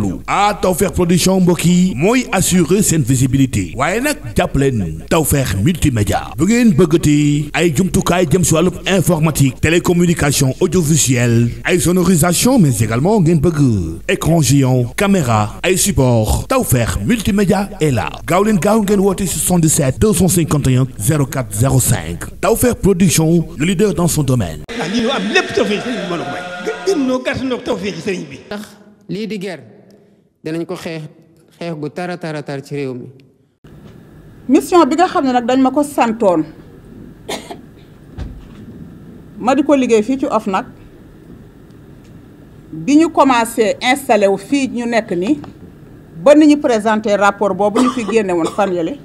teewlu ah Tawfekh production mbokk yi mooy assurer seen visibilité waaye nag jàppaleen Tawfekh multimédia bu ngeen bëggatee ay jumtukaay jëm si wàllu informatique télécommunication audiovisuelle ay sonorisation mais également ngeen bëgg écran géant caméra ay support Tawfekh multimédia est là gaaw leen gaaw ngeen woote 77 production le leader dans son domaine ah lii ñu am lépp tawfeex sëriñ bi mën a may gën noo gàtt noo tawfeex sëriñ bi ndax lii di guerre danañ ko xeex xeex gu tara tara tar ci réew mi. mission bi nga xam ne nag dañ ma ko santoon ma di ko liggéey fii ci nag bi ñu commencé installé wu fii ñu nekk nii ba ni ñu présenté rapport boobu ñu fi génne woon fan yële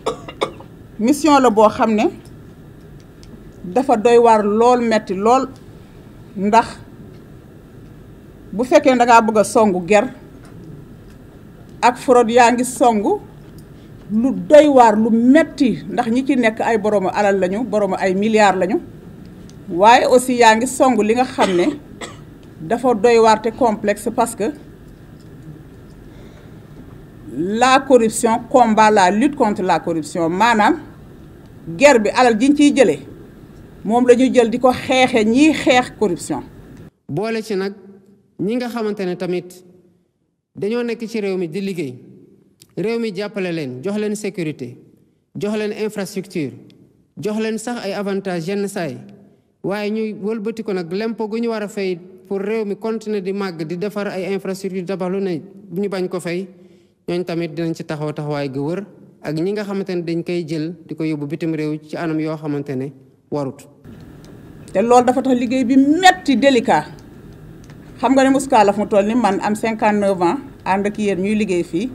mission la boo xam ne dafa doy waar lool metti lool ndax bu fekkee dangaa ngaa bëgg a songu ger. ak fraude yaa ngi songu lu doy waar lu metti ndax ñi ci nekk ay boroomu alal lañu boroomu ay milliards lañu waaye aussi yaa ngi songu li nga xam ne dafa doy waar te complexe parce que la corruption combat la lutte contre la corruption maanaam guerre bi alal jiñ ciy jëlee moom la jël di ko xeexe ñiy xeex corruption. boole ci nag ñi nga xamante ne tamit. dañoo nekk ci réew mi di liggéey réew mi jàppale leen jox leen sécurité jox leen infrastructure jox leen sax ay avantage yenn saay waaye ñuy wëlbati ko nag lempo gu ñu war a fay pour réew mi continuer di màgg di defar ay infrastructure tabax lu ne ñu bañ ko fay ñooñ tamit dinañ ci taxaw taxawaay gi wër ak ñi nga xamante ne dañ koy jël di ko yóbbu bitim réew ci anam yoo xamante ne warut. te loolu dafa tax liggéey bi metti délicat xam nga ne Mouska la fu mu am 59 ànd ak yéen ñuy liggéey fii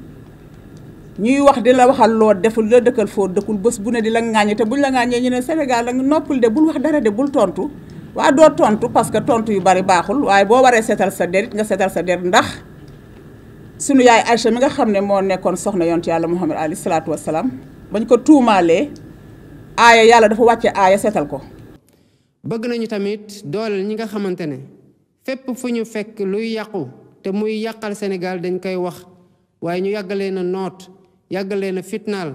ñuy wax di la waxal loo deful la dëkkal foo dëkkul bés bu ne di la ŋaañee te buñ la ŋaañee ñu ne Sénégal la noppul de bul wax dara de bul tontu waa doo tontu parce que tontu yu bari baaxul waaye boo waree seetal sa der it nga seetal sa der ndax sunu yaay Aïcha mi nga xam ne moo nekkoon soxna yontu yàlla Muhammad alayhi salaatu wa salaam bañ ko tuumaalee aaya yàlla dafa wàcce aaya seetal ko. bëgg nañu tamit dooleel ñi nga xamante ne fépp fu ñu fekk luy yàqu. te muy yàqal Sénégal dañ koy wax waaye ñu yàggalee na noot yàggalee na fitnaal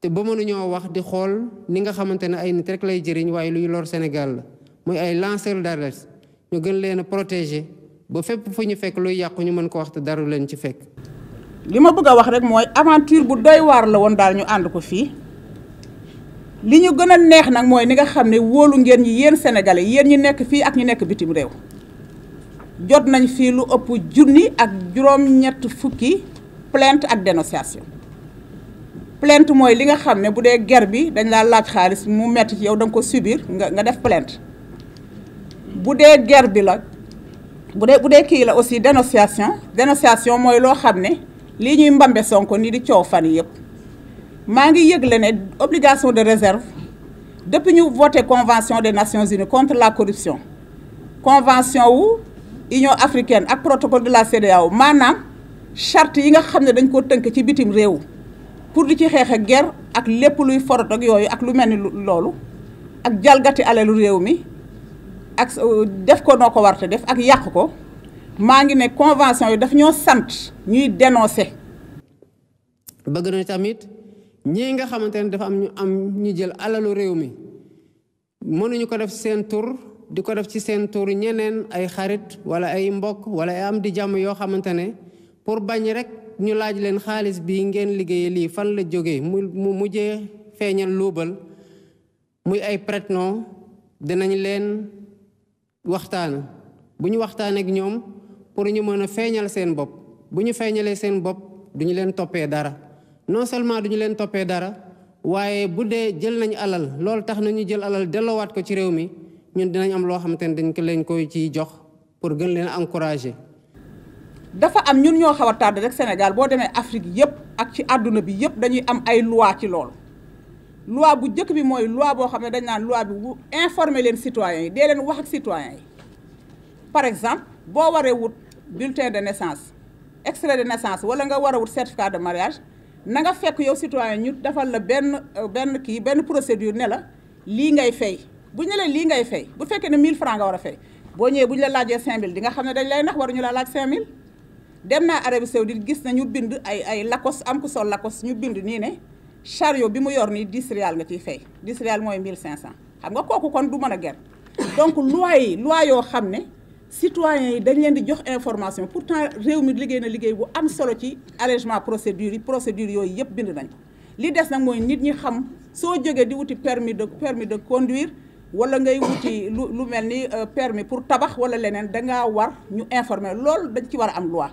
te ba mënuñoo wax di xool ni nga xamante ne ay nit rek lay jëriñ waaye luy lor Sénégal la muy ay lanceur d'alerte ñu gën leen a protéger ba fépp fu ñu fekk luy yàqu ñu mën ko wax te daru leen ci fekk. li ma bëgg a wax rek mooy aventure bu doy waar la woon daal ñu ànd ko fii li ñu gën a neex nag mooy ni nga xam ne wóolu ngeen ñi yéen sénégalais yéen ñi nekk fii ak ñi nekk bitim réew. jot nañ fii lu ëpp junni ak juróom-ñett fukki plainte ak dénonciation plainte mooy li nga xam ne bu dee guerre bi dañ laa laaj xaalis mu metti ci yow danga ko subir nga nga def plainte bu dee guerre bi la bu dee bu dee kii la aussi dénonciation dénonciation mooy loo xam ne lii ñuy mbambe Sonko ni di coow fan yëpp maa ngi yëgle ne obligation de réserve depuis ñu voté convention de Nations Unies contre la corruption convention wu Union africaine ak protocole de la CEDEAO maanaam charte yi nga xam ne dañ koo tënk ci bitim réew pour di ci xeex ger ak lépp luy forot ak yooyu ak lu mel ni loolu ak jalgati alalu réew mi ak euh, def ko noo ko warte def ak yàq ko maa ngi ne convention yi daf ñoo sant ñuy dénoncer. bëgg nañu tamit ñii nga xamante ne dafa am ñu am ñu jël alalu réew mi mënuñu ko def seen tur. di ko def ci seen tur ñeneen ay xarit wala ay mbokk wala ay am di jàmm yoo xamante ne pour bañ rek ñu laaj leen xaalis bii ngeen liggéeye lii fan la jógee mu mujjee feeñal luubal muy ay prête-nom dinañ leen waxtaan bu ñu waxtaan ak ñoom pour ñu mën a feeñal seen bopp bu ñu feeñalee seen bopp duñu leen toppee dara non seulement duñu leen toppee dara waaye bu dee jël nañ alal loolu tax nañu jël alal delloowaat ko ci réew mi ñun dinañ am loo xamante ne dañ ko leen koy ciy jox pour gën leen encourager. dafa am ñun ñoo xaw a rek Sénégal boo demee Afrique yëpp ak ci àdduna bi yëpp dañuy am ay loi ci lool luwaa bu njëkk bi mooy loi boo xam ne dañ naan loi bi bu informer leen citoyens yi dee leen wax ak citoyens yi par exemple boo waree wut bulletin de naissance extrait de naissance wala nga war a wut certificat de mariage nanga fekk yow citoyen ñu defal la benn benn kii benn procédure ne lii ngay fay bu ñu lii ngay fay bu fekkee ne 1000 francs nga war a fay boo ñëwee bu ñu la laajee 5000 di nga xam ne dañ lay nax waruñu la laaj 5000 dem naa Arabie Saoudite gis nañu bind ay ay lakos am ku sol lakos ñu bind nii ne chariot bi mu yor nii 10 rial nga ciy fay 10 rial mooy cent xam nga kooku kon du mën a ger donc loi yi loi yoo xam ne citoyens yi dañ leen di jox information pourtant réew mi liggéey na liggéey bu am solo ci allègement procédure yi procédure yooyu yëpp bind nañ li des nag mooy nit ñi xam soo jógee di wuti permis de permis wala ngay wuti lu lu mel ni euh, permis pour tabax wala leneen dangaa war ñu informer lool dañ ci war a am loi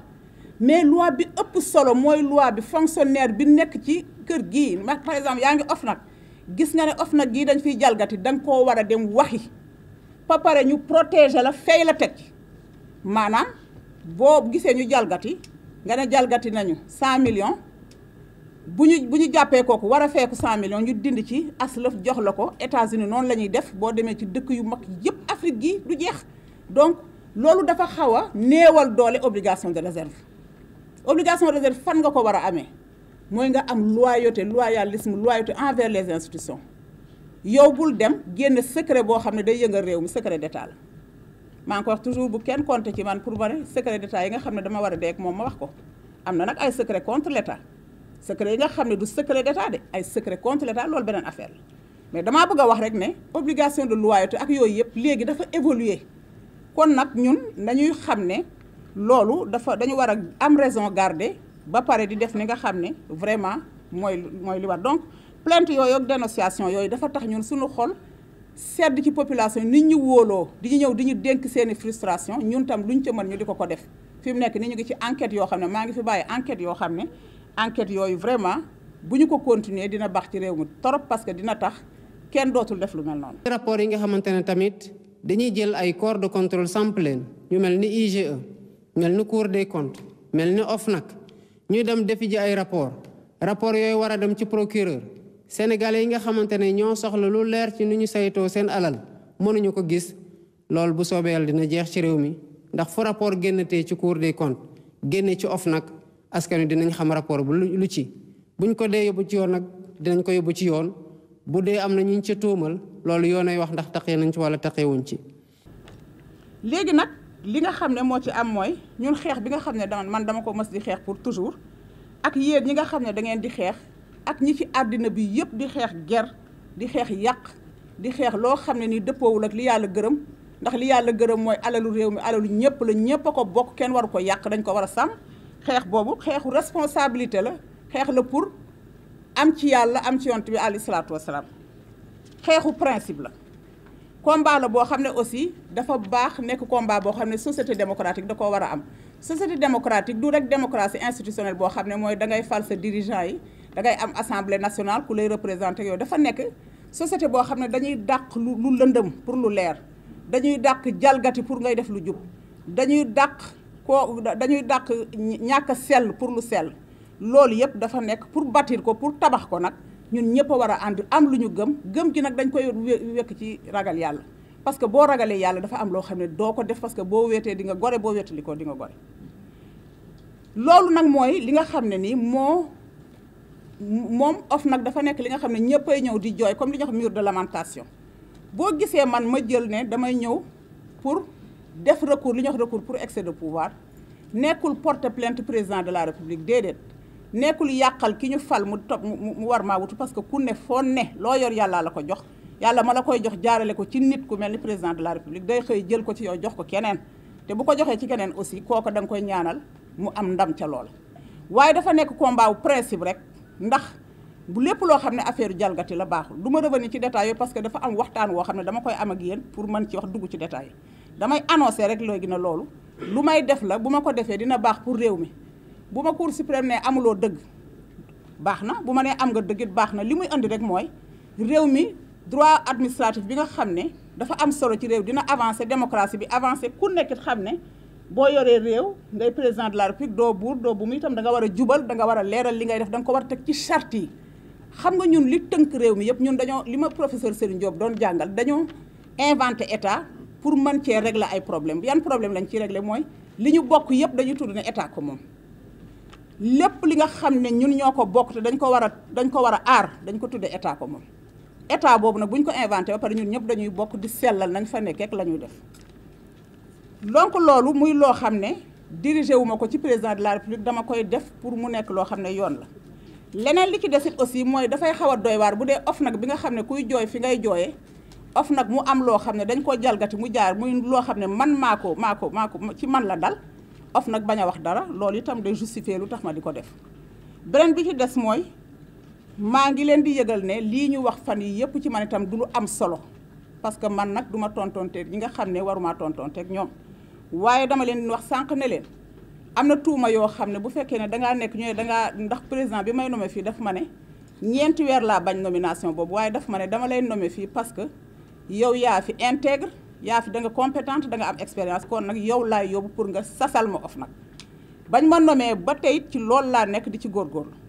mais loi bi ëpp solo mooy loi bi fonctionnaire bi nekk ci kër gii ma par exemple yaa ngi OFNAC gis nga ne nag gii dañ fiy jalgati da nga koo war a dem waxi ba pare ñu protéger la fay la teg maanaam boo gisee ñu jalgati nga ne jalgati nañu cent millions bu ñu bu ñu jàppee kooku war a feeku 100 millions ñu dind ci aslëf jox la ko États-Unis noonu lañuy def boo demee ci dëkk yu mag yëpp Afrique gi du jeex donc loolu dafa xaw a néewal doole obligation de réserve obligation de réserve fan nga ko war a amee mooy nga am loyauté loyalisme loyauté envers les institutions yow bul dem génn secret boo xam ne day yënga réew mi secret d'état la maa ngi ko wax toujours bu kenn compté ci man pour ma secre secret d'état yi nga xam ne dama war a moom ma wax ko am na nag ay secret contre l'état secret yi nga xam ne du secret d'état de ay secret contre l'état loolu beneen affaire mais damaa bëgg a wax rek ne obligation de loyauté ak yooyu yëpp léegi dafa évoluer kon nag ñun nañuy xam ne loolu dafa dañu war a am raison garde ba pare di def ni nga xam ne vraiment mooy mooy li war donc plainte yooyu ak dénonciation yooyu dafa tax ñun suñu xol sedd ci population nit ñu wóoloo di ñu ñëw di ñu dénk seeni frustration ñun tam lu ñu ca mën ñu di ko ko def fi mu nekk ni ñu ngi ci enquête yoo xam ne maa ngi fi bàyyi enquête yoo xam ne enquête yooyu vraiment bu ñu ko continuer dina baax ci réew mi torop parce que dina tax kenn dootul def lu mel noonu. rapport yi nga xamante ne tamit dañuy jël ay corps de contrôle sampleen ñu mel ni IGE mel ni Cour de comptes mel ni nag ñuy dem defi ji ay rapport rapport yooyu war a dem ci procureur sénégalais yi nga xamante ne ñoo soxla lu leer ci nu ñu saytoo seen alal mënuñu ko gis loolu bu soobee yàlla dina jeex ci réew mi ndax fu rapport génnatee ci Cour des comptes génne ci OFNAC askan wi dinañ xam rapport bu lu lu ci buñ ko dee yóbbu ci yoon nag dinañ ko yóbbu ci yoon bu dee am na ñu ca tuumal loolu yoonay wax ndax taqee nañ ci wala wuñ ci. léegi nag li nga xam ne moo ci am mooy ñun xeex bi nga xam ne dama man dama ko mës di xeex pour toujours ak yéen ñi nga xam ne da ngeen di xeex ak ñi fi àddina bi yëpp di xeex ger di xeex yàq di xeex loo xam ne nii dëppoowul ak li yàlla gërëm ndax li yàlla gërëm mooy alalu réew mi alalu ñëpp la ñëpp ko bokk kenn waru ko yàq dañ ko war a sàmm. xeex boobu xeexu responsabilité la xeex la pour am ci yàlla am ci yont bi alayhi salaatu wasalaam xeexu principe la combat la boo xam ne aussi dafa baax nekk combat boo xam ne société démocratique da koo war a am société démocratique du rek démocratie institutionnelle boo xam ne mooy dangay ngay fal sa dirigeant yi dangay am assemblée nationale ku lay représenté yooyu dafa nekk société boo xam ne dañuy dàq lu lu lëndëm pour lu leer dañuy dàq jalgati pour ngay def lu jub koo dañuy dàq ñàkk a sell pour lu sell loolu yëpp dafa nekk pour bâtir ko pour tabax ko nag ñun ñëpp a war a ànd am lu ñu gëm gëm gi nag dañ koy wekk ci ragal yàlla parce que boo ragalee yàlla dafa am loo xam ne doo ko def parce que boo wetee di gore boo wéetali ko di nga gore loolu nag mooy li nga xam ne nii moo moom of nag dafa nekk li nga xam ne ñëppay ñëw di jooy comme li ñuy wax mur de lamentation boo gisee man ma jël ne damay ñëw pour def recours li ñuy wax recours pour excès de pouvoir nekkul porte plainte président de la république déedéet nekkul yàqal ki ñu fal mu topp mu war maa wutu parce que ku ne foo ne loo yor yàllaa la ko jox yàlla ma la koy jox jaarale ko ci nit ku mel ni président de la république day xëy jël ko ci yow jox ko keneen te bu ko joxee ci keneen aussi kooko danga koy ñaanal mu am ndam ca lool waaye dafa nekk combat wu principe rek ndax bu lépp loo xam ne affaire jalgati la baaxul du ma revenir ci détails yooyu parce que dafa waxtaan woo xam ne dama koy am ak pour mën ci wax dugg ci détails yi damay annoncé rek léegi na loolu lu may def la bu ma ko defee dina baax pour réew mi bu ma cour suprême ne amuloo dëgg baax na bu ma nee am nga dëgg baax na li muy indi rek mooy réew mi droit administratif bi nga xam ne dafa am solo ci réew dina avancer démocratie bi avance ku nekk it xam ne boo yoree réew ngay président de la république doo buur doo bu mu itam da nga war a jubal da nga war a leeral li ngay def da nga ko war a teg ci charte yi xam nga ñun li tënk réew mi yëpp ñun dañoo li ma professeur Serigne Diop doon jàngal dañoo inventé état pour mën cee régler ay problème yan problème lañ ciy régler mooy li ñu bokk yëpp dañuy tudd ne état ko moom lépp li nga xam ne ñun ñoo ko bokk te dañ ko war a dañ ko war a aar dañ ko tuddee état ko moom état boobu nag bu ñu ko inventé ba pare ñun ñëpp dañuy bokk di sellal nañ fa nekk rek la ñuy def donc loolu muy loo xam ne dirigé wu ma ko ci président de la république dama koy def pour mu nekk loo xam ne yoon la leneen li ci desit aussi mooy dafay xaw a doy bu dee of nag bi nga xam ne kuy jooy fi ngay jooyee of nag mu am loo xam ne dañ koo jalgati mu jaar muy loo xam ne man maa ko maa ko maa ko ci man la dal of nag bañ a wax dara loolu itam day justifier lu tax ma di ko def beneen bi ci des mooy maa ngi leen di yëgal ne lii ñu wax fan yi yëpp ci man itam du lu am solo parce que man nag du ma tontonteeg ñi nga xam ne waruma tontonteeg ñoom waaye dama leen wax sànq ne leen am na tuuma yoo xam ne bu fekkee ne dangaa nekk ñu ne dangaa ndax président bi may nommé fii daf ma ne ñeenti weer laa bañ nomination boobu waaye daf ma ne dama lay nommé fii parce que yow yaa fi integre yaa fi da nga compétente da nga am expérience kon nag yow laay yóbbu pour nga sasal ma of nag bañ ma nomee ba tey ci loolu laa nekk di ci góorgóorlu